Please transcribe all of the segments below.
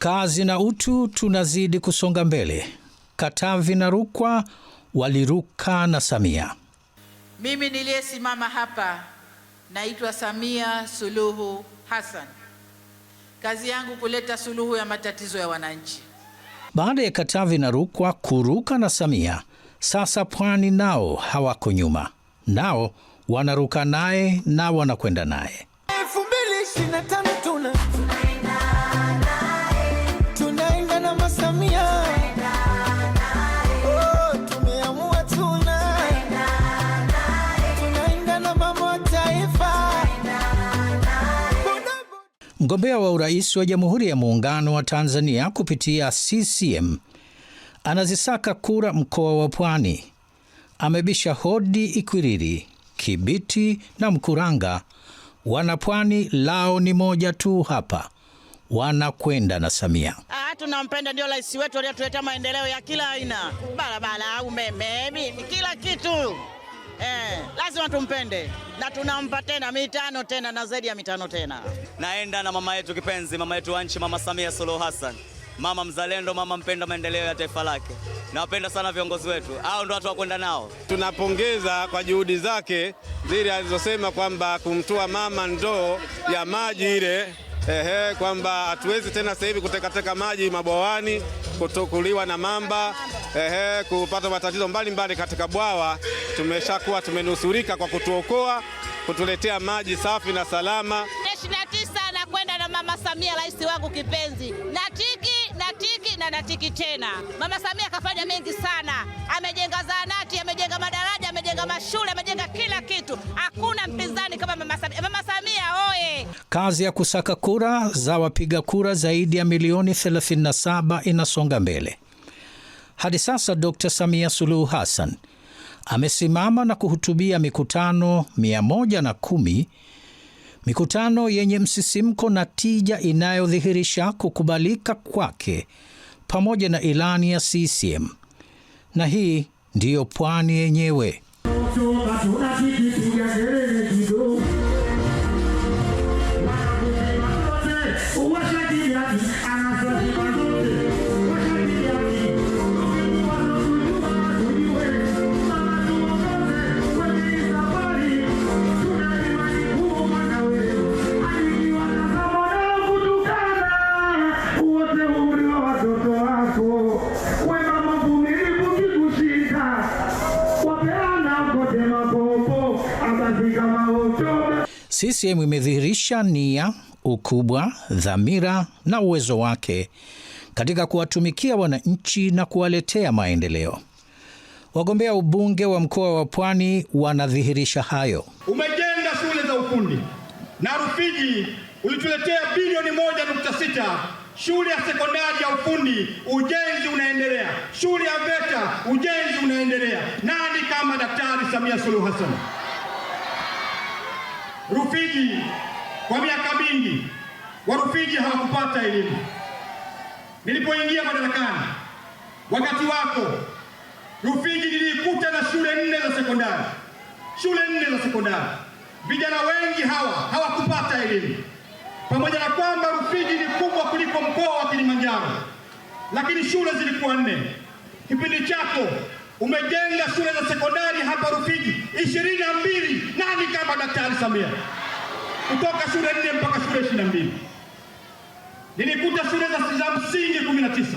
Kazi na utu, tunazidi kusonga mbele. Katavi na Rukwa waliruka na Samia. Mimi niliyesimama hapa naitwa Samia Suluhu Hassan. Kazi yangu kuleta suluhu ya matatizo ya wananchi. Baada ya Katavi na Rukwa kuruka na Samia, sasa Pwani nao hawako nyuma, nao wanaruka naye na wanakwenda naye mgombea wa urais wa Jamhuri ya Muungano wa Tanzania kupitia CCM anazisaka kura mkoa wa Pwani. Amebisha hodi Ikwiriri, Kibiti na Mkuranga. Wanapwani lao ni moja tu hapa wanakwenda na Samia. Ah, tunampenda, ndio rais wetu aliyetuletea maendeleo ya kila aina, barabara, umeme, kila kitu eh, lazima tumpende na tunampa tena mitano tena na zaidi ya mitano tena. Naenda na mama yetu kipenzi, mama yetu wa nchi, mama Samia Suluhu Hassan, mama mzalendo, mama mpenda maendeleo ya taifa lake. Nawapenda sana viongozi wetu, hao ndo watu wa kwenda nao. Tunapongeza kwa juhudi zake zile alizosema kwamba kumtoa mama ndoo ya maji ile ehe, kwamba hatuwezi tena sasa hivi kutekateka maji mabwawani, kutokuliwa na mamba ehe, kupata matatizo mbalimbali katika bwawa. Tumeshakuwa tumenusurika kwa kutuokoa, kutuletea maji safi na salama. ishirini na tisa nakwenda na Mama Samia, rais wangu kipenzi, natiki natiki na natiki tena. Mama Samia kafanya mengi sana, amejenga zahanati, amejenga madaraja, amejenga mashule, amejenga kila kitu. Hakuna mpinzani kama Mama Samia. Mama Samia Kazi ya kusaka kura za wapiga kura zaidi ya milioni 37 inasonga mbele. Hadi sasa Dr. Samia Suluhu Hassan amesimama na kuhutubia mikutano 110, mikutano yenye msisimko na tija inayodhihirisha kukubalika kwake pamoja na ilani ya CCM. Na hii ndiyo pwani yenyewe. CCM imedhihirisha nia, ukubwa, dhamira na uwezo wake katika kuwatumikia wananchi na kuwaletea maendeleo. Wagombea ubunge wa mkoa wa Pwani wanadhihirisha hayo. Umejenga shule za ufundi na Rufiji, ulituletea bilioni moja nukta sita shule ya sekondari ya ufundi ujenzi unaendelea, shule ya VETA ujenzi unaendelea. Nani kama Daktari Samia Suluhu Hassan? Rufiji kwa miaka mingi Warufiji hawakupata elimu. Nilipoingia madarakani, wakati wako Rufiji nilikuta na shule nne za sekondari, shule nne za sekondari. Vijana wengi hawa hawakupata elimu, pamoja na kwamba Rufiji ni kubwa kuliko mkoa wa Kilimanjaro, lakini shule zilikuwa nne. Kipindi chako umejenga shule za sekondari hapa Rufiji ishirini na mbili. Nani kama Daktari Samia? Kutoka shule nne mpaka shule ishirini na mbili. Nilikuta shule za msingi kumi na tisa.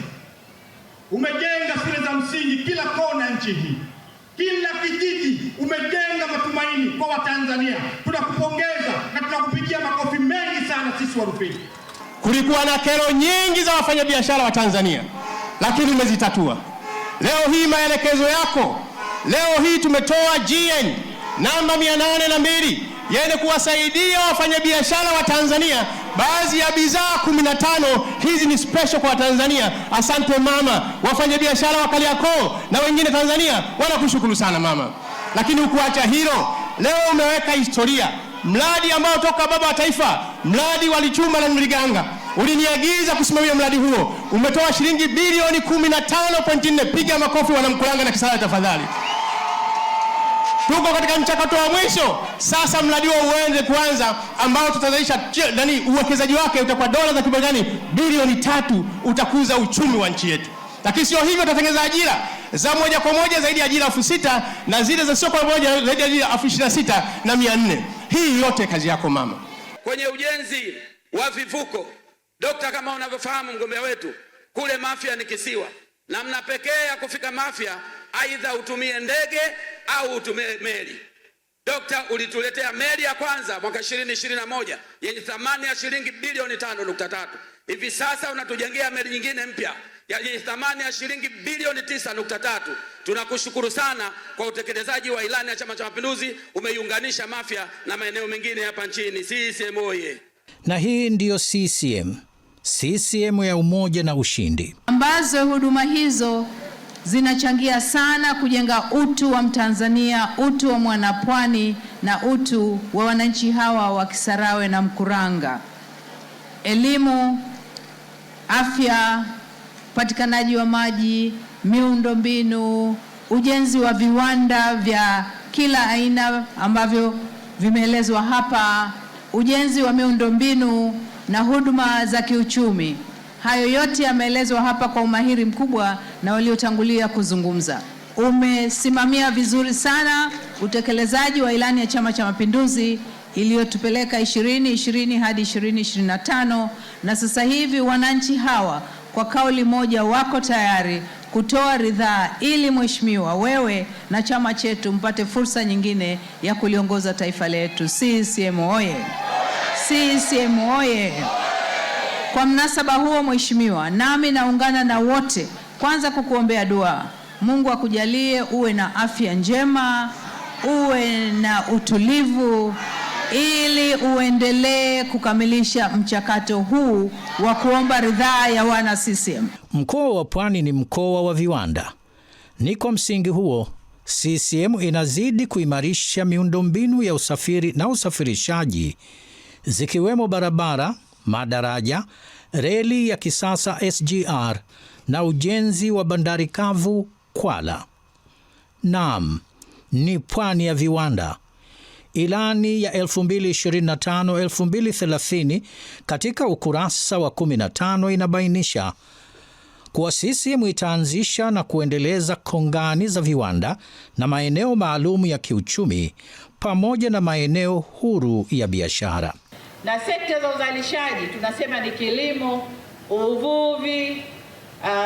Umejenga shule za msingi kila kona nchi hii, kila kijiji umejenga matumaini kwa Watanzania. Tunakupongeza na tunakupigia makofi mengi sana. Sisi wa Rufiji kulikuwa na kero nyingi za wafanyabiashara wa Tanzania, lakini umezitatua. Leo hii maelekezo yako, leo hii tumetoa GN namba 802 yenye yaani kuwasaidia wafanyabiashara wa Tanzania baadhi ya bidhaa 15 hizi ni special kwa Tanzania. Asante mama, wafanyabiashara wa Kariakoo na wengine Tanzania wanakushukuru sana mama. Lakini ukuacha hilo, leo umeweka historia, mradi ambao toka baba wa taifa, mradi wa Lichuma na Mliganga, uliniagiza kusimamia mradi huo umetoa shilingi bilioni 15.4. Piga makofi wanamkulanga na Kisarawe tafadhali. Tuko katika mchakato wa mwisho sasa, mradi huo kwanza, kuanza, ambao tutazalisha nani, uwekezaji wake utakuwa dola za Kimarekani bilioni tatu. Utakuza uchumi wa nchi yetu, lakini sio hivyo, tutatengeneza ajira za moja kwa moja zaidi ya ajira elfu sita na zile za sio kwa moja zaidi ya ajira elfu ishirini na sita na mia nne. Hii yote kazi yako mama, kwenye ujenzi wa vivuko Dokta, kama unavyofahamu mgombea wetu kule Mafia ni kisiwa. Namna pekee ya kufika Mafia aidha utumie ndege au utumie meli. Dokta, ulituletea meli ya kwanza mwaka 2021 yenye thamani ya shilingi bilioni 5.3. Hivi sasa unatujengea meli nyingine mpya yenye thamani ya shilingi bilioni 9.3. Tunakushukuru sana kwa utekelezaji wa ilani ya Chama cha Mapinduzi, umeiunganisha Mafia na maeneo mengine hapa nchini. CCM oye! Na hii ndiyo CCM. CCM ya umoja na ushindi, ambazo huduma hizo zinachangia sana kujenga utu wa Mtanzania, utu wa mwanapwani na utu wa wananchi hawa wa Kisarawe na Mkuranga: elimu, afya, upatikanaji wa maji, miundombinu, ujenzi wa viwanda vya kila aina ambavyo vimeelezwa hapa, ujenzi wa miundombinu na huduma za kiuchumi. Hayo yote yameelezwa hapa kwa umahiri mkubwa na waliotangulia kuzungumza. Umesimamia vizuri sana utekelezaji wa ilani ya Chama cha Mapinduzi iliyotupeleka 2020 hadi 2025 na sasa hivi wananchi hawa kwa kauli moja wako tayari kutoa ridhaa ili mheshimiwa, wewe na chama chetu mpate fursa nyingine ya kuliongoza taifa letu. CCM oye! CCM oye! Kwa mnasaba huo, Mheshimiwa, nami naungana na wote kwanza kukuombea dua. Mungu akujalie uwe na afya njema, uwe na utulivu ili uendelee kukamilisha mchakato huu wa kuomba ridhaa ya wana CCM. Mkoa wa Pwani ni mkoa wa viwanda. Ni kwa msingi huo CCM inazidi kuimarisha miundombinu ya usafiri na usafirishaji zikiwemo barabara, madaraja, reli ya kisasa SGR na ujenzi wa bandari kavu Kwala. Naam, ni pwani ya viwanda. Ilani ya 2025-2030 katika ukurasa wa 15 inabainisha kuwa CCM itaanzisha na kuendeleza kongani za viwanda na maeneo maalum ya kiuchumi pamoja na maeneo huru ya biashara na sekta za uzalishaji tunasema ni kilimo, uvuvi,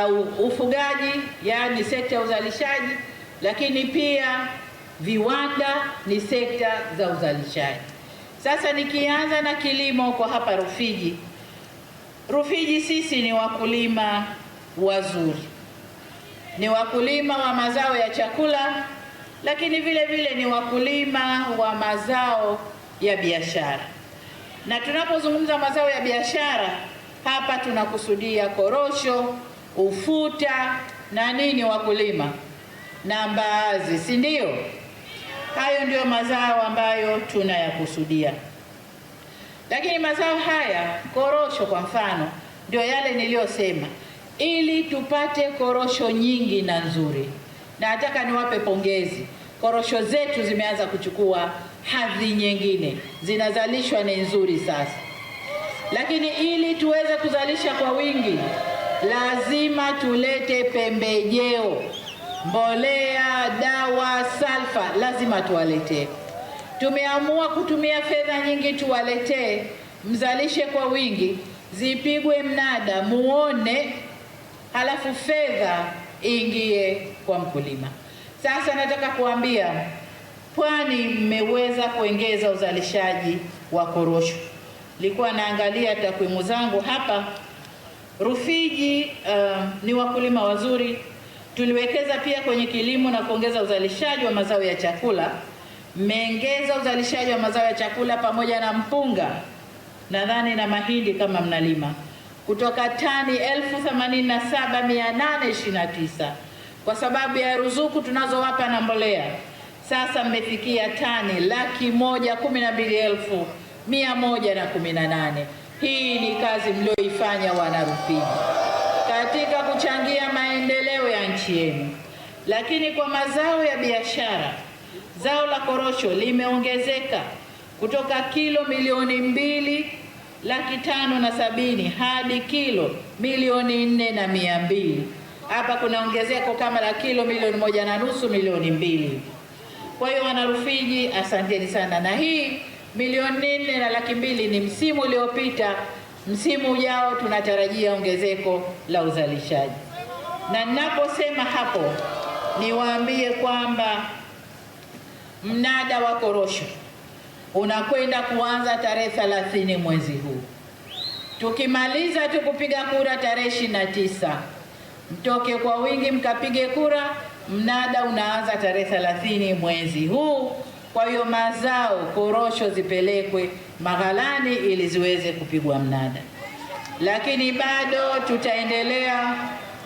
uh, ufugaji, yaani sekta ya uzalishaji, lakini pia viwanda ni sekta za uzalishaji. Sasa nikianza na kilimo kwa hapa Rufiji. Rufiji sisi ni wakulima wazuri, ni wakulima wa mazao ya chakula, lakini vile vile ni wakulima wa mazao ya biashara na tunapozungumza mazao ya biashara hapa tunakusudia korosho, ufuta na nini, wakulima na mbaazi, si ndio? Hayo ndiyo mazao ambayo tunayakusudia, lakini mazao haya, korosho kwa mfano, ndio yale niliyosema, ili tupate korosho nyingi na nzuri. Na nataka niwape pongezi, korosho zetu zimeanza kuchukua hadhi nyingine zinazalishwa ni nzuri sasa, lakini ili tuweze kuzalisha kwa wingi, lazima tulete pembejeo, mbolea, dawa, salfa, lazima tuwaletee. Tumeamua kutumia fedha nyingi, tuwaletee, mzalishe kwa wingi, zipigwe mnada, muone, halafu fedha ingie kwa mkulima. Sasa nataka kuambia kwani mmeweza kuongeza uzalishaji wa korosho. Nilikuwa naangalia takwimu zangu hapa Rufiji. Uh, ni wakulima wazuri. Tuliwekeza pia kwenye kilimo na kuongeza uzalishaji wa mazao ya chakula. Mmeongeza uzalishaji wa mazao ya chakula pamoja na mpunga nadhani na mahindi kama mnalima kutoka tani 87,829 kwa sababu ya ruzuku tunazowapa na mbolea sasa mmefikia tani laki moja kumi na mbili elfu mia moja na kumi na nane. Hii ni kazi mlioifanya wana Rufiji katika kuchangia maendeleo ya nchi yenu. Lakini kwa mazao ya biashara, zao la korosho limeongezeka kutoka kilo milioni mbili laki tano na sabini hadi kilo milioni nne na mia mbili. Hapa kuna ongezeko kama la kilo milioni moja na nusu, milioni mbili. Kwa hiyo wanarufiji, asanteni sana, na hii milioni nne na laki mbili ni msimu uliopita. Msimu ujao tunatarajia ongezeko la uzalishaji, na ninaposema hapo niwaambie kwamba mnada wa korosho unakwenda kuanza tarehe 30 mwezi huu. Tukimaliza tu kupiga kura tarehe ishirini na tisa, mtoke kwa wingi mkapige kura. Mnada unaanza tarehe 30 mwezi huu. Kwa hiyo mazao, korosho zipelekwe maghalani ili ziweze kupigwa mnada, lakini bado tutaendelea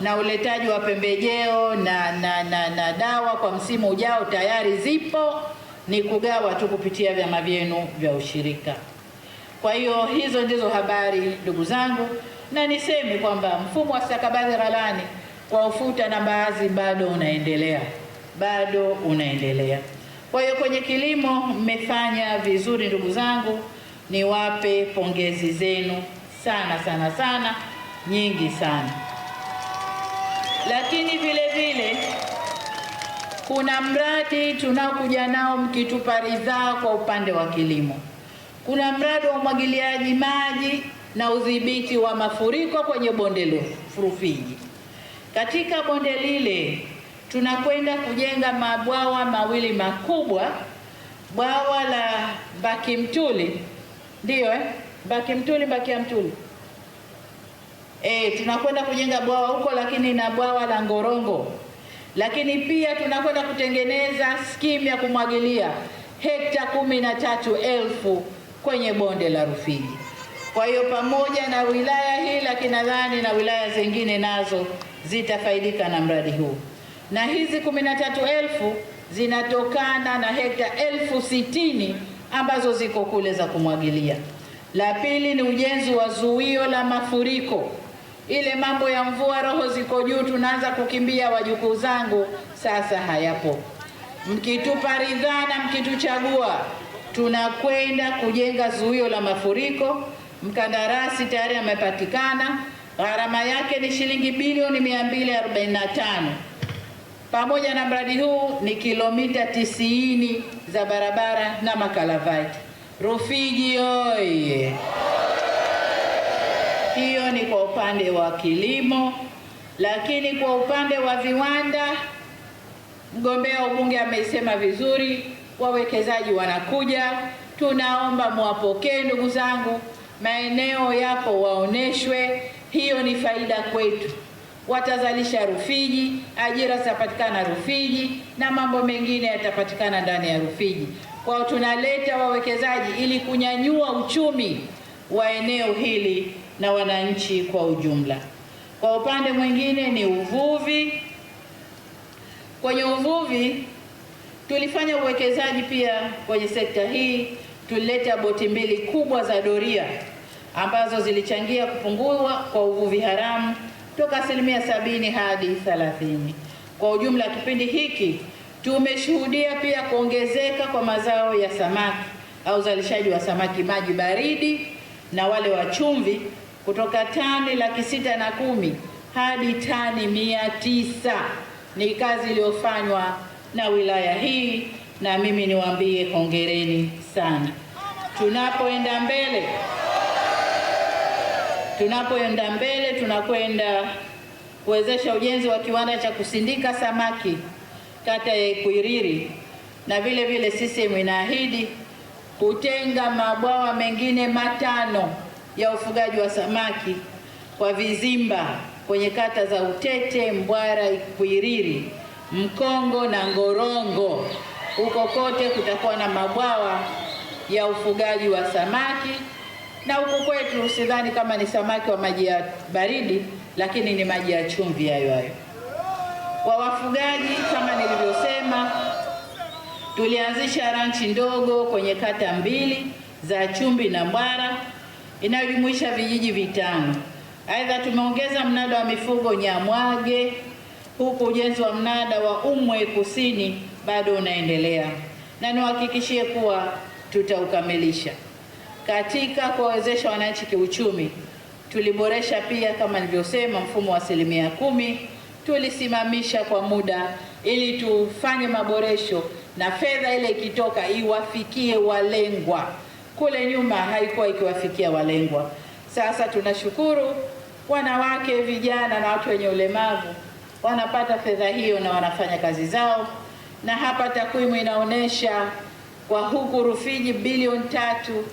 na uletaji wa pembejeo na, na, na, na dawa kwa msimu ujao. Tayari zipo, ni kugawa tu kupitia vyama vyenu vya ushirika. Kwa hiyo hizo ndizo habari ndugu zangu, na niseme kwamba mfumo wa stakabadhi ghalani ufuta na mbaazi bado unaendelea, bado unaendelea. Kwa hiyo kwenye kilimo mmefanya vizuri ndugu zangu, niwape pongezi zenu sana sana sana nyingi sana. Lakini vile vile kuna mradi tunaokuja nao mkitupa ridhaa kwa upande wa kilimo, kuna mradi wa umwagiliaji maji na udhibiti wa mafuriko kwenye bonde la Rufiji. Katika bonde lile tunakwenda kujenga mabwawa mawili makubwa, bwawa la bakimtuli ndiyo eh? Bakimtuli, Bakiamtuli E, tunakwenda kujenga bwawa huko, lakini na bwawa la Ngorongo, lakini pia tunakwenda kutengeneza skimu ya kumwagilia hekta kumi na tatu elfu kwenye bonde la Rufiji. Kwa hiyo pamoja na wilaya hii, lakini nadhani na wilaya zingine nazo zitafaidika na mradi huu, na hizi kumi na tatu elfu zinatokana na hekta elfu sitini ambazo ziko kule za kumwagilia. La pili ni ujenzi wa zuio la mafuriko. Ile mambo ya mvua, roho ziko juu, tunaanza kukimbia, wajukuu zangu sasa hayapo. Mkitupa ridhaa na mkituchagua, tunakwenda kujenga zuio la mafuriko. Mkandarasi tayari amepatikana gharama yake ni shilingi bilioni 245. Pamoja na mradi huu ni kilomita 90 za barabara na makalavati. Rufiji oye! Hiyo ni kwa upande wa kilimo, lakini kwa upande wa viwanda, mgombea ubunge amesema vizuri, wawekezaji wanakuja. Tunaomba mwapokee ndugu zangu, maeneo yapo, waoneshwe hiyo ni faida kwetu, watazalisha Rufiji, ajira zitapatikana Rufiji na mambo mengine yatapatikana ndani ya Rufiji. Kwao tunaleta wawekezaji ili kunyanyua uchumi wa eneo hili na wananchi kwa ujumla. Kwa upande mwingine ni uvuvi. Kwenye uvuvi tulifanya uwekezaji pia kwenye sekta hii, tulileta boti mbili kubwa za doria ambazo zilichangia kupungua kwa uvuvi haramu toka asilimia sabini hadi thelathini. Kwa ujumla, kipindi hiki tumeshuhudia pia kuongezeka kwa mazao ya samaki au uzalishaji wa samaki maji baridi na wale wa chumvi kutoka tani laki sita na kumi hadi tani mia tisa. Ni kazi iliyofanywa na wilaya hii, na mimi niwaambie hongereni sana. Tunapoenda mbele tunapoenda mbele, tunakwenda kuwezesha ujenzi wa kiwanda cha kusindika samaki kata ya Ikwiriri, na vile vile CCM inaahidi kutenga mabwawa mengine matano ya ufugaji wa samaki kwa vizimba kwenye kata za Utete, Mbwara, Ikwiriri, Mkongo na Ngorongo. Huko kote kutakuwa na mabwawa ya ufugaji wa samaki na huku kwetu sidhani kama ni samaki wa maji ya baridi, lakini ni maji ya chumvi hayo hayo. Kwa wafugaji, kama nilivyosema, tulianzisha ranchi ndogo kwenye kata mbili za Chumbi na Mbwara inayojumuisha vijiji vitano. Aidha, tumeongeza mnada wa mifugo Nyamwage, huku ujenzi wa mnada wa Umwe Kusini bado unaendelea, na niwahakikishie kuwa tutaukamilisha. Katika kuwawezesha wananchi kiuchumi, tuliboresha pia kama nilivyosema mfumo wa asilimia kumi tulisimamisha kwa muda ili tufanye maboresho na fedha ile ikitoka iwafikie walengwa. Kule nyuma haikuwa ikiwafikia walengwa. Sasa tunashukuru, wanawake, vijana na watu wenye ulemavu wanapata fedha hiyo na wanafanya kazi zao, na hapa takwimu inaonyesha kwa huku Rufiji bilioni tatu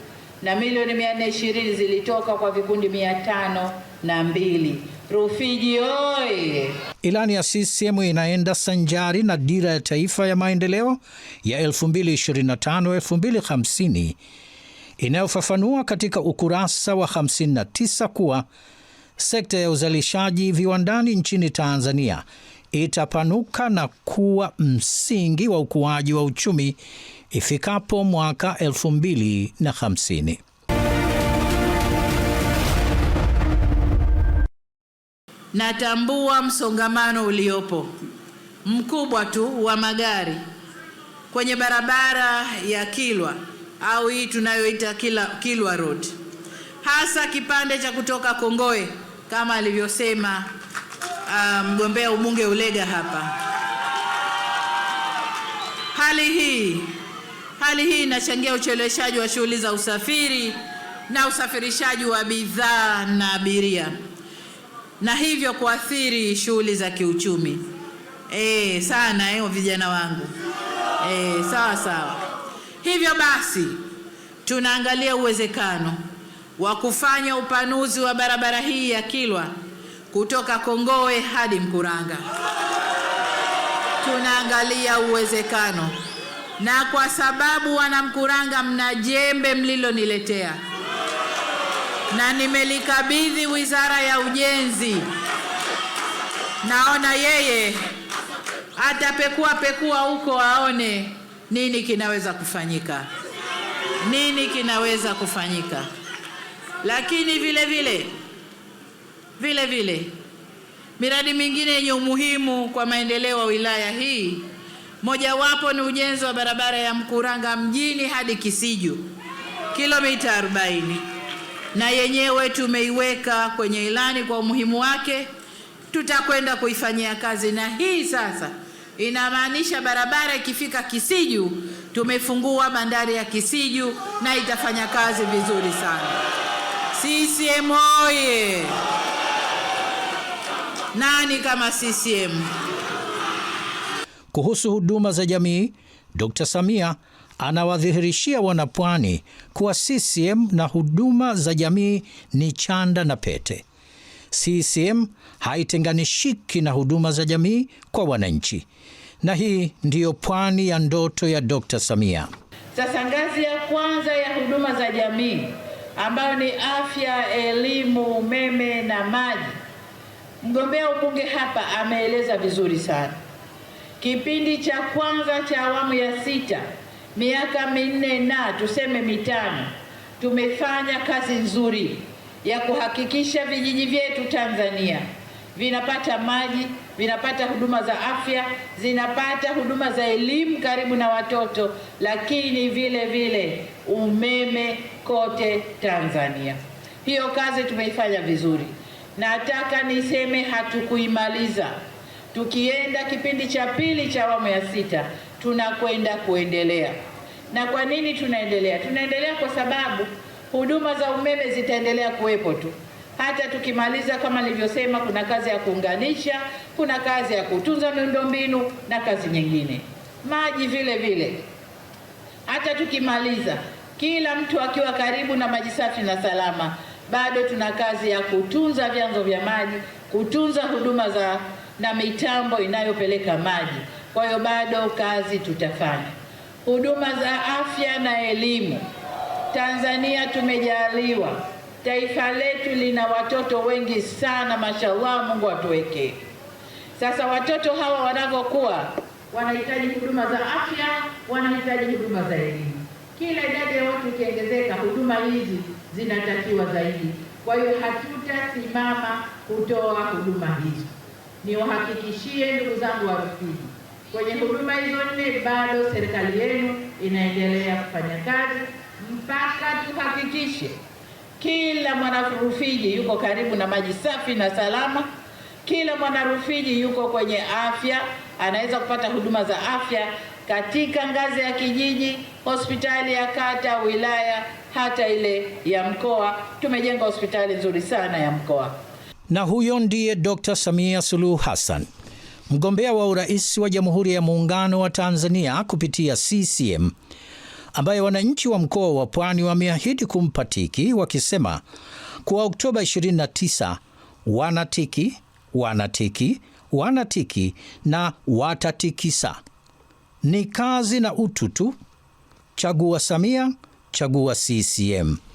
na milioni ishirini zilitoka kwa vikundi mia tano na mbili. Rufiji oye! Ilani ya CCM inaenda sanjari na dira ya taifa ya maendeleo ya 2025-2050 inayofafanua katika ukurasa wa 59 kuwa sekta ya uzalishaji viwandani nchini Tanzania itapanuka na kuwa msingi wa ukuaji wa uchumi ifikapo mwaka 2050. Natambua msongamano uliopo mkubwa tu wa magari kwenye barabara ya Kilwa au hii tunayoita Kilwa, Road, hasa kipande cha kutoka Kongoe kama alivyosema uh, mgombea um, ubunge Ulega hapa. Hali hii Hali hii inachangia ucheleweshaji wa shughuli za usafiri na usafirishaji wa bidhaa na abiria na hivyo kuathiri shughuli za kiuchumi. E, sana eh, vijana wangu e, sawa sawa. Hivyo basi tunaangalia uwezekano wa kufanya upanuzi wa barabara hii ya Kilwa kutoka Kongowe hadi Mkuranga. Tunaangalia uwezekano na kwa sababu Wanamkuranga mna jembe mliloniletea na nimelikabidhi Wizara ya Ujenzi, naona yeye atapekua pekua huko aone nini kinaweza kufanyika, nini kinaweza kufanyika. Lakini vile vile vile vile miradi mingine yenye umuhimu kwa maendeleo ya wilaya hii mojawapo ni ujenzi wa barabara ya Mkuranga mjini hadi Kisiju kilomita 40, na yenyewe tumeiweka kwenye ilani kwa umuhimu wake, tutakwenda kuifanyia kazi. Na hii sasa inamaanisha barabara ikifika Kisiju, tumefungua bandari ya Kisiju na itafanya kazi vizuri sana. CCM oye! Nani kama CCM? kuhusu huduma za jamii, Dkt. Samia anawadhihirishia wanapwani kuwa CCM na huduma za jamii ni chanda na pete. CCM haitenganishiki na huduma za jamii kwa wananchi, na hii ndiyo pwani ya ndoto ya Dkt. Samia. Sasa ngazi ya kwanza ya huduma za jamii ambayo ni afya, elimu, umeme na maji, mgombea ubunge hapa ameeleza vizuri sana. Kipindi cha kwanza cha awamu ya sita, miaka minne na tuseme mitano, tumefanya kazi nzuri ya kuhakikisha vijiji vyetu Tanzania vinapata maji, vinapata huduma za afya, zinapata huduma za elimu karibu na watoto, lakini vile vile umeme kote Tanzania. Hiyo kazi tumeifanya vizuri. Nataka niseme hatukuimaliza tukienda kipindi cha pili cha awamu ya sita tunakwenda kuendelea. Na kwa nini tunaendelea? Tunaendelea kwa sababu huduma za umeme zitaendelea kuwepo tu hata tukimaliza. Kama nilivyosema, kuna kazi ya kuunganisha, kuna kazi ya kutunza miundombinu na kazi nyingine, maji vile vile. Hata tukimaliza, kila mtu akiwa karibu na maji safi na salama, bado tuna kazi ya kutunza vyanzo vya maji, kutunza huduma za na mitambo inayopeleka maji. Kwa hiyo bado kazi tutafanya. Huduma za afya na elimu, Tanzania tumejaliwa, taifa letu lina watoto wengi sana, mashallah, Mungu atuwekee. Sasa watoto hawa wanavyokuwa wanahitaji huduma za afya, wanahitaji huduma za elimu. Kila idadi ya watu ikiongezeka, huduma hizi zinatakiwa zaidi. Kwa hiyo hatutasimama kutoa huduma hizi. Niwahakikishie ndugu zangu wa Rufiji, kwenye huduma hizo nne bado serikali yenu inaendelea kufanya kazi mpaka tuhakikishe kila mwanarufiji yuko karibu na maji safi na salama, kila mwanarufiji yuko kwenye afya, anaweza kupata huduma za afya katika ngazi ya kijiji, hospitali ya kata, wilaya, hata ile ya mkoa. Tumejenga hospitali nzuri sana ya mkoa. Na huyo ndiye Dr. Samia Suluhu Hassan, mgombea wa urais wa Jamhuri ya Muungano wa Tanzania kupitia CCM, ambaye wananchi wa mkoa wa Pwani wameahidi kumpa tiki, wakisema kuwa Oktoba 29 wanatiki, wanatiki, wanatiki na watatikisa. Ni kazi na utu tu. Chagua Samia, chagua CCM.